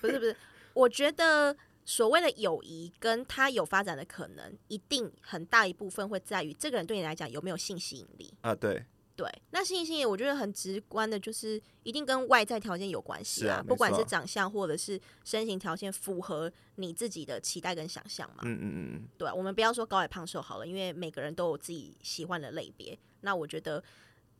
不是不是，我覺得。所謂的友誼，跟他有發展的可能，一定很大一部分會在於這個人對你來講有沒有性吸引力啊。對對，那性吸引力我覺得很直觀的，就是一定跟外在條件有關係啊，啊，不管是長相或者是身形條件符合你自己的期待跟想象嘛。嗯嗯嗯嗯，對，我們不要說高矮胖瘦好了，因為每個人都有自己喜歡的類別。那我覺得。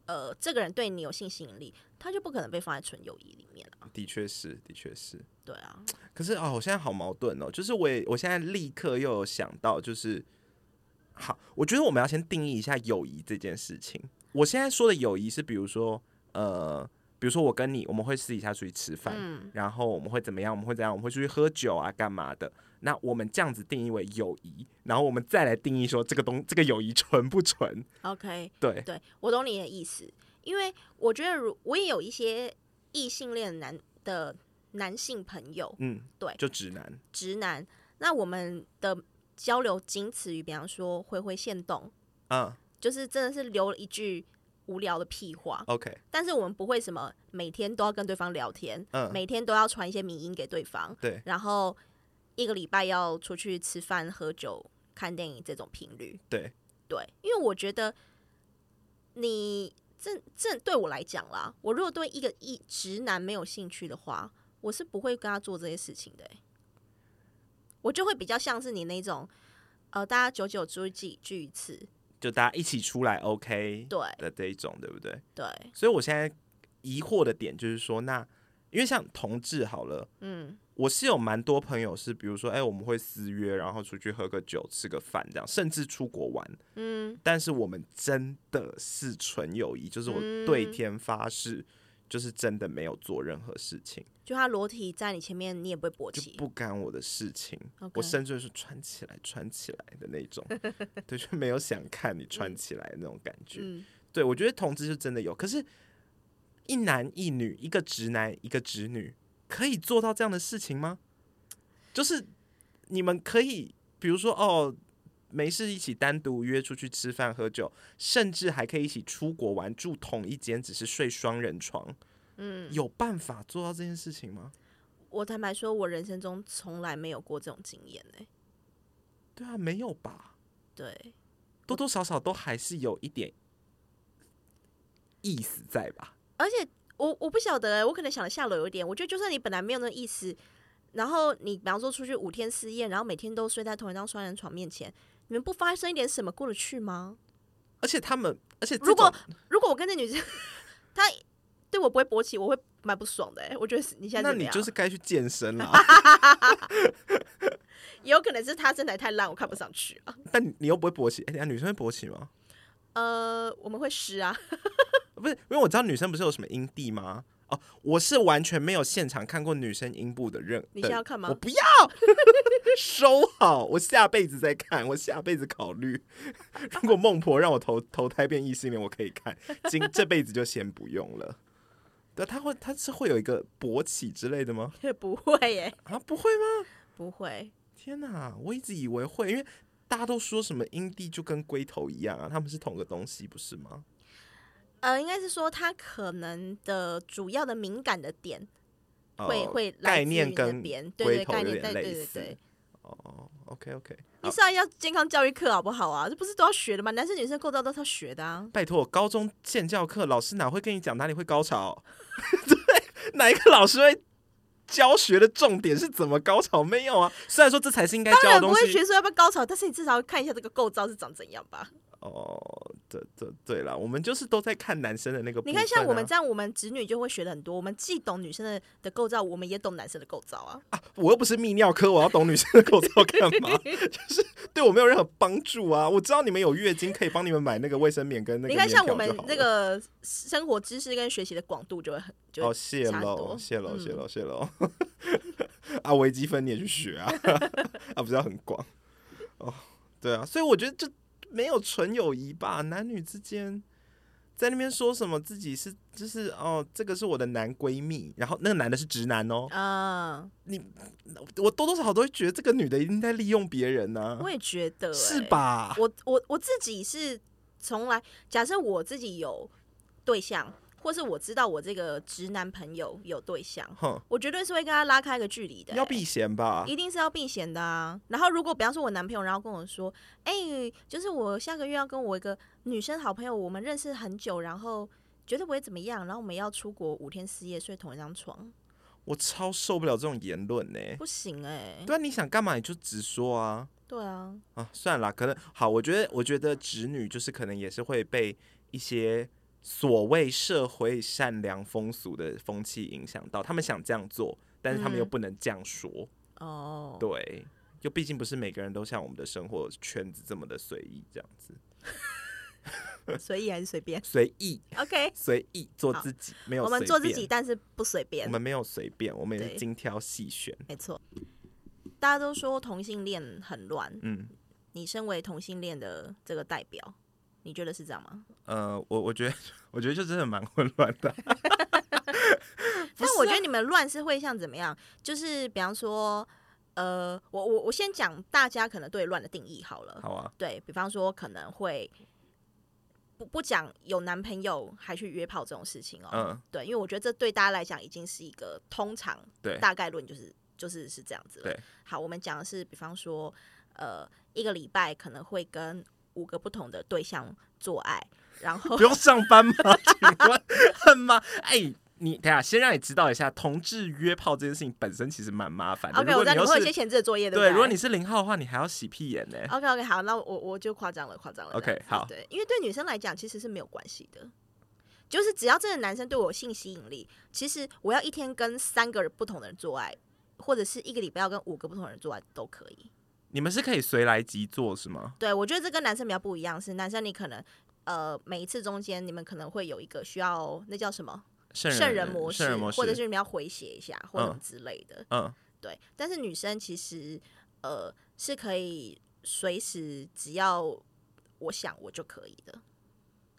呃，這個人對你有性吸引力，他就不可能被放在純友誼裡面了。的確是，的確是。對啊，可是啊，哦，我現在好矛盾哦。就是我也，我現在立刻又有想到，就是好，我覺得我們要先定義一下友誼這件事情。我現在說的友誼是，比如說，呃，比如說我跟你，我們會私底下出去吃飯，嗯，然後我們會怎麼樣？我們會怎樣？我們會出去喝酒啊，幹嘛的？那我們這樣子定義為友誼，然後我們再來定義說這個東西這個友誼純不純？OK，對對，我懂你的意思，因為我覺得如我也有一些異性戀男的男性朋友，嗯，對，就直男，直男。那我們的交流僅止於比方說回回限動，嗯，就是真的是留了一句無聊的屁話，OK。但是我們不會什麼每天都要跟對方聊天，嗯，每天都要傳一些語音給對方，對，然後。一個禮拜要出去吃飯、喝酒、看電影這種頻率，對對，因為我覺得你正正對我來講啦，我如果對一個一直男沒有興趣的話，我是不會跟他做這些事情的，欸。我就會比較像是你那種，呃，大家久久聚幾聚一次，就大家一起出來，OK，對的這一種對，對不對？對。所以我現在疑惑的點就是說，那因為像同志，好了，嗯。我是有蠻多朋友是，比如說，哎、欸，我們會私約，然後出去喝個酒、吃個飯這樣，甚至出國玩。嗯，但是我們真的是純友誼，就是我對天發誓、嗯，就是真的沒有做任何事情。就他裸體在你前面，你也不會勃起，就不干我的事情。Okay、我甚至是穿起來、穿起來的那種， (laughs) 對，就沒有想看你穿起來的那種感覺。嗯、對，我覺得同志是真的有，可是一男一女，一個直男，一個直女。可以做到這樣的事情嗎？就是你們可以，比如說哦，沒事一起單獨約出去吃飯喝酒，甚至還可以一起出國玩住同一間，只是睡雙人床。嗯，有辦法做到這件事情嗎？我坦白說，我人生中從來沒有過這種經驗欸。對啊，沒有吧？對，多多少少都還是有一點意思在吧？而且。我我不曉得，我可能想下樓有點。我覺得就算你本來沒有那個意思，然後你比方說出去五天試驗，然後每天都睡在同一張雙人床面前，你們不發生一點什麼過得去嗎？而且他們，而且如果如果我跟那女生，他 (laughs) 對我不會勃起，我會蠻不爽的、欸。哎，我覺得你現在是，那你就是該去健身了 (laughs) (laughs) 有可能是他身材太爛，我看不上去啊。但你又不會勃起，哎、欸，女生會勃起嗎？呃，我們會濕啊。 (laughs) 不是，因為我知道女生不是有什麼陰蒂嗎？哦，我是完全沒有現場看過女生陰部的認。的你要看嗎？我不要， (laughs) 收好，我下輩子再看，我下輩子考慮。 (laughs) 如果孟婆讓我投投胎變異性戀，我可以看。今這輩子就先不用了。 (laughs) 對，她會，她是會有一個勃起之類的嗎？也不會耶啊，不會嗎？不會。天哪，我一直以為會，因為大家都說什麼陰蒂就跟龜頭一樣啊，他們是同個東西，不是嗎？呃，應該是說他可能的主要的敏感的點會、哦，會會概念跟邊對對，對概念對，對對對。哦 o、okay, k OK，你上要，要健康教育課，好不好啊好？這不是都要學的嗎？男生女生構造都是要學的啊！拜託，高中健教課老師哪會跟你講哪裡會高潮？ (laughs) 對，哪一個老師會教學的重點是怎麼高潮？沒有啊！雖然說這才是應該教的東西，當然不會學說要不要高潮，但是你至少要看一下這個構造是長怎樣吧。哦、oh,，對對對啦，我們就是都在看男生的那個、啊。你看，像我們這樣，我們子女就會學的很多。我們既懂女生的的構造，我們也懂男生的構造啊。啊我又不是泌尿科，我要懂女生的構造幹嘛？ (laughs) 就是對我沒有任何幫助啊。我知道你們有月經，可以幫你們買那個衛生棉跟那個。你看，像我們那個生活知識跟學習的廣度就，很就會很就。哦，泄露，泄露，泄、嗯、露，泄露。謝 (laughs) 啊，微積分你也去學啊？ (laughs) 啊，不是要很廣。哦、oh,，對啊，所以我覺得這。沒有純友誼吧，男女之間在那邊說什麼自己是就是哦，這個是我的男閨蜜，然後那個男的是直男哦，啊、嗯，你我多多少少都會覺得這個女的一定在利用別人呢、啊，我也覺得、欸，是吧？我我我自己是從來假設我自己有對象。或是我知道我這個直男朋友有對象，哼，我絕對是會跟他拉開一個距離的、欸。要避嫌吧，一定是要避嫌的啊。然後如果比方說我男朋友，然後跟我說，哎、欸，就是我下個月要跟我一個女生好朋友，我們認識很久，然後絕對不會怎麼樣，然後我們要出國五天四夜睡同一張床，我超受不了這種言論呢、欸。不行哎、欸，對啊，你想幹嘛你就直說啊。對啊，啊，算了啦，可能好，我覺得我覺得直女就是可能也是會被一些。所謂社會善良風俗的風氣影響到他們想這樣做，但是他們、嗯、又不能這樣說。哦，對，就畢竟不是每個人都像我們的生活圈子這麼的隨意這樣子，隨意還是隨便？隨 (laughs) 意，OK，隨意做自己，沒有我們做自己，但是不隨便，我們沒有隨便，我們也是精挑細選。沒錯，大家都說同性戀很亂，嗯，你身為同性戀的這個代表。你覺得是這樣嗎？呃，我我覺得我覺得就真的蠻混亂的。但我覺得你們亂是會像怎麼樣？就是比方說，呃，我我我先講大家可能對亂的定義好了。好啊。對比方說可能會不不講有男朋友還去約炮這種事情哦、喔嗯。對，因為我覺得這對大家來講已經是一個通常對大概論就是就是、就是這樣子了。對。好，我們講的是比方說，呃，一個禮拜可能會跟。五個不同的對象做愛，然後不用上班嗎？ (laughs) 請問 (laughs) 恨嗎？很嗎？哎，你等下先讓你知道一下，同志約炮這件事情本身其實蠻麻煩的。OK，我知道你會有些前置的作業的。對，如果你是零號的話，你還要洗屁眼呢。OK，OK，、okay, okay, 好，那我我就誇張了，誇張了。OK，好，對，因為對女生來講其實是沒有關係的，就是只要這個男生對我有性吸引力，其實我要一天跟三個人不同的人做愛，或者是一個禮拜要跟五個不同的人做愛都可以。你們是可以隨來即做是嗎？對，我覺得這跟男生比較不一樣，是男生你可能呃每一次中間你們可能會有一個需要那叫什麼？聖人，人，人模式，或者是你們要回血一下或者之類的嗯。嗯，對。但是女生其實呃是可以隨時只要我想我就可以的。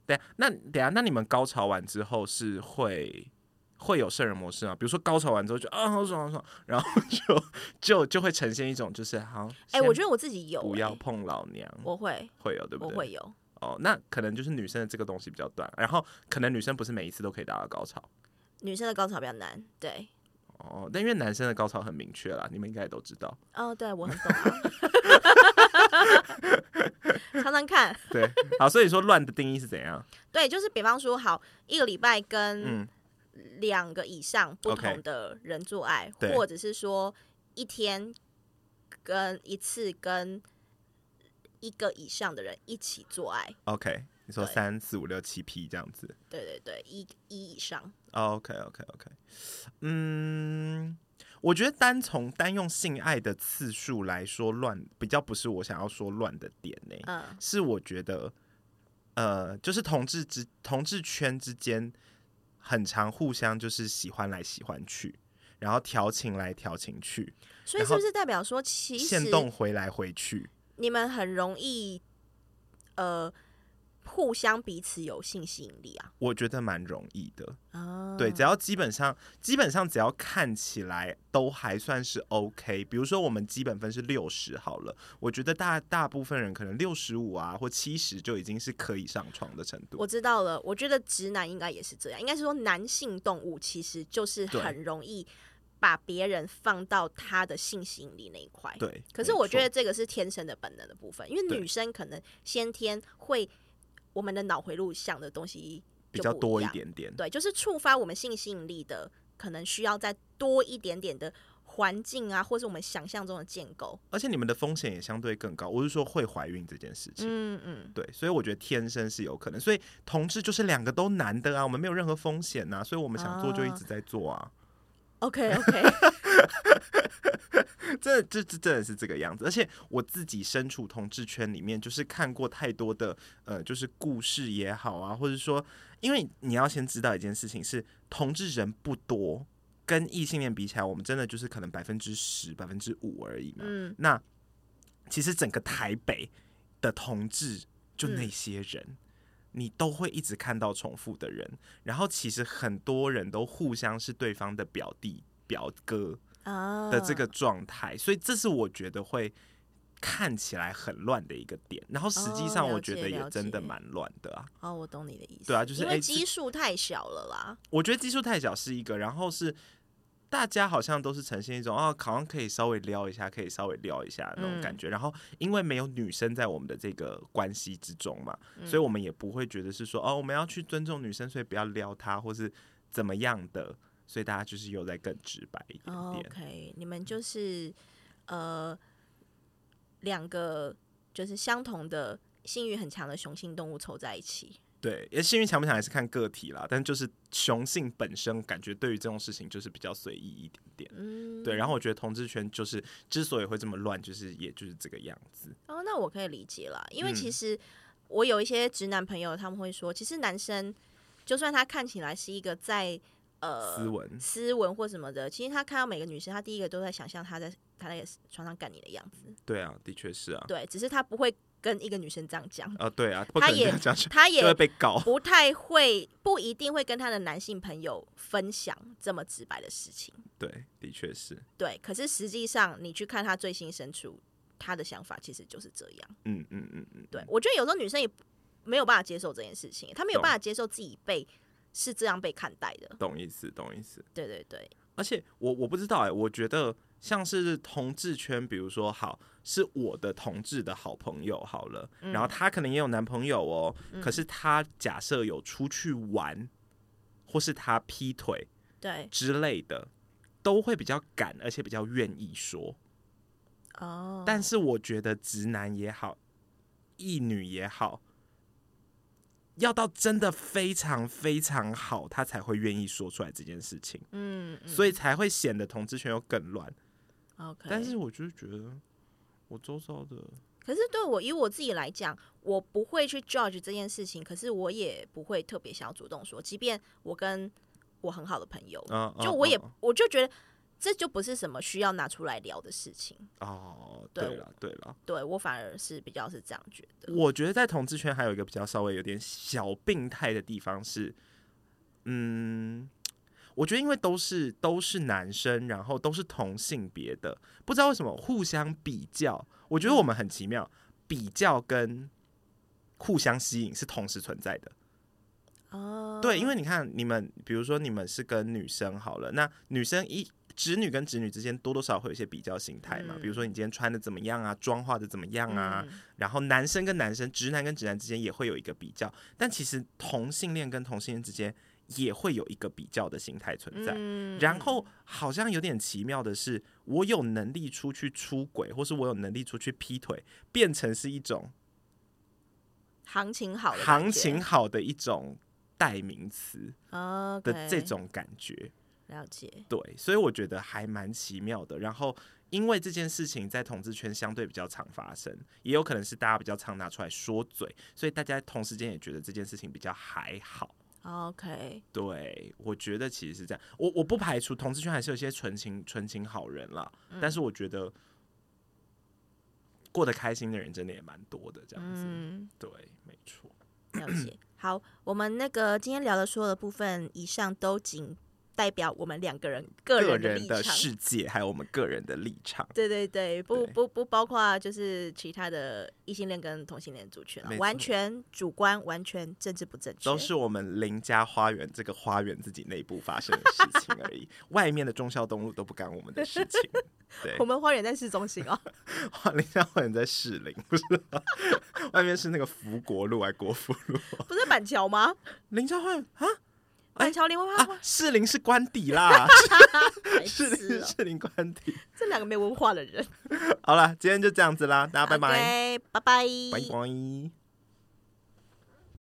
對，那等下那你們高潮完之後是會。會有聖人模式啊，比如說高潮完之後就啊好爽好爽，然後就就就，就會呈現一種就是好哎、欸，我覺得我自己有、欸、不要碰老娘，我會會有對不對？我會有哦，那可能就是女生的這個東西比較短，然後可能女生不是每一次都可以達到高潮，女生的高潮比較難，對哦，但因為男生的高潮很明確啦，你們應該也都知道哦，對我很懂、啊， (laughs) (laughs) 常常看 (laughs) 對好，所以說亂的定義是怎樣？對，就是比方說好一個禮拜跟、嗯。兩個以上不同的人做愛，okay, 或者是說一天跟一次跟一個以上的人一起做愛。OK，你說三四五六七 P 這樣子，對對對，一一以上。OK OK OK，嗯，我覺得單從單用性愛的次數來說亂，比較不是我想要說亂的點呢、欸。嗯、呃，是我覺得，呃，就是同志之同志圈之間。很常互相就是喜歡來喜歡去，然後調情來調情去，所以是不是代表說，其實動回來回去，你們很容易，呃。互相彼此有性吸引力啊，我覺得蠻容易的，哦。對，只要基本上基本上只要看起來都還算是 OK。比如說，我們基本分是六十好了，我覺得大大部分人可能六十五啊或七十就已經是可以上床的程度。我知道了，我覺得直男應該也是這樣，應該是說男性動物其實就是很容易把別人放到他的性吸引力那一塊。對，可是我覺得這個是天生的本能的部分，因為女生可能先天會。我們的腦回路想的東西比較多一點點，對，就是觸發我們性吸引力的，可能需要再多一點點的環境啊，或是我們想象中的建構。而且你們的風險也相對更高，我是說會懷孕這件事情，嗯嗯，對，所以我覺得天生是有可能。所以同志就是兩個都男的啊，我們沒有任何風險吶、啊，所以我們想做就一直在做啊。啊 OK OK。 (laughs) 這這這真的是這個樣子，而且我自己身處同志圈裡面，就是看過太多的呃，就是故事也好啊，或者說，因為你要先知道一件事情是同志人不多，跟異性戀比起來，我們真的就是可能百分之十、百分之五而已嘛。嗯，那其實整個台北的同志，就那些人、嗯，你都會一直看到重複的人，然後其實很多人都互相是對方的表弟、表哥、啊、的這個狀態，所以這是我覺得會看起來很亂的一個點，然後實際上我覺得也真的蠻亂的啊哦。哦，我懂你的意思。對啊，就是因為基數太小了啦。我覺得基數太小是一個，然後是大家好像都是呈現一種哦，好像可以稍微撩一下，可以稍微撩一下那種感覺，嗯。然後因為沒有女生在我們的這個關係之中嘛，嗯，所以我們也不會覺得是說哦，我們要去尊重女生，所以不要撩她，或是怎麼樣的。所以大家就是又再更直白一點點。OK，你們就是呃兩個就是相同的性慾很強的雄性動物湊在一起。對，也性慾強不強還是看個體啦，但就是雄性本身感覺對於這種事情就是比較隨意一點點。嗯。對，然後我覺得同志圈就是之所以會這麼亂，就是也就是這個樣子。哦，那我可以理解啦，因為其實我有一些直男朋友，他們會說，其實男生就算他看起來是一個在。呃，斯文，斯文或什麼的，其實他看到每個女生，他第一個都在想象他在他那個床上幹你的樣子。對啊，的確是啊。對，只是他不會跟一個女生這樣講啊、呃。對啊，不他也他也會被搞，不太會，不一定會跟他的男性朋友分享這麼直白的事情。對，的確是。對，可是實際上你去看他內心深處，他的想法其實就是這樣。嗯嗯嗯嗯，對，我覺得有時候女生也沒有辦法接受這件事情，她沒有辦法接受自己被。嗯是這樣被看待的，懂意思？懂意思？對對對。而且我我不知道哎、欸，我覺得像是同志圈，比如說好是我的同志的好朋友，好了、嗯，然後他可能也有男朋友哦、嗯，可是他假設有出去玩，或是他劈腿，對之類的，都會比較敢，而且比較願意說。哦。但是我覺得直男也好，異女也好。要到真的非常非常好，他才會願意說出來這件事情。嗯，嗯，所以才會顯得同志圈又更亂。okay。但是，我就是覺得，我周遭的，可是對我以我自己來講，我不會去 judge 這件事情，可是我也不會特別想要主動說，即便我跟我很好的朋友，啊、就我也，啊、我就覺得。這就不是什麼需要拿出來聊的事情哦。對了，對了，對啦，對，我反而是比較是這樣覺得。我覺得在同志圈還有一個比較稍微有點小病態的地方是，嗯，我覺得因為都是都是男生，然後都是同性別的，不知道為什麼互相比較。我覺得我們很奇妙，嗯，比較跟互相吸引是同時存在的。哦，對，因為你看，你們比如說你們是跟女生好了，那女生一。直女跟直女之間多多少少會有一些比較心態嘛，比如說你今天穿的怎麼樣啊，妝化的怎麼樣啊，嗯，然後男生跟男生，直男跟直男之間也會有一個比較，但其實同性戀跟同性戀之間也會有一個比較的心態存在。嗯、然後好像有點奇妙的是，我有能力出去出軌，或是我有能力出去劈腿，變成是一種行情好的行情好的一種代名詞啊的這種感覺。Okay 了解，對，所以我覺得還蠻奇妙的。然後，因為這件事情在同志圈相對比較常發生，也有可能是大家比較常拿出來說嘴，所以大家同時間也覺得這件事情比較還好。OK，對，我覺得其實是這樣。我我不排除同志圈還是有些純情純情好人啦、嗯，但是我覺得過得開心的人真的也蠻多的，這樣子、嗯。對，沒錯。了解。 (coughs) 好，我們那個今天聊的所有的部分，以上都僅。代表我們兩個人個人，立場個人的世界，還有我們個人的立場。對對對，不對，不不包括就是其他的異性戀跟同性戀族群，啊，完全主觀，完全政治不正確，都是我們林家花園這個花園自己內部發生的事情而已。 (laughs) 外面的忠孝東路都不干我們的事情。 (laughs) 對，我們花園在市中心啊， (laughs) 林家花園在士林，不是？ (laughs) 外面是那個福國路還國福路？不是板橋嗎？林家花園啊。板橋林文化。士林是官邸啦， (laughs) 是哦，士林是士林官邸。這兩個沒文化的人。 (laughs) 好了，今天就這樣子啦，大家拜拜，拜、okay, 拜，拜拜。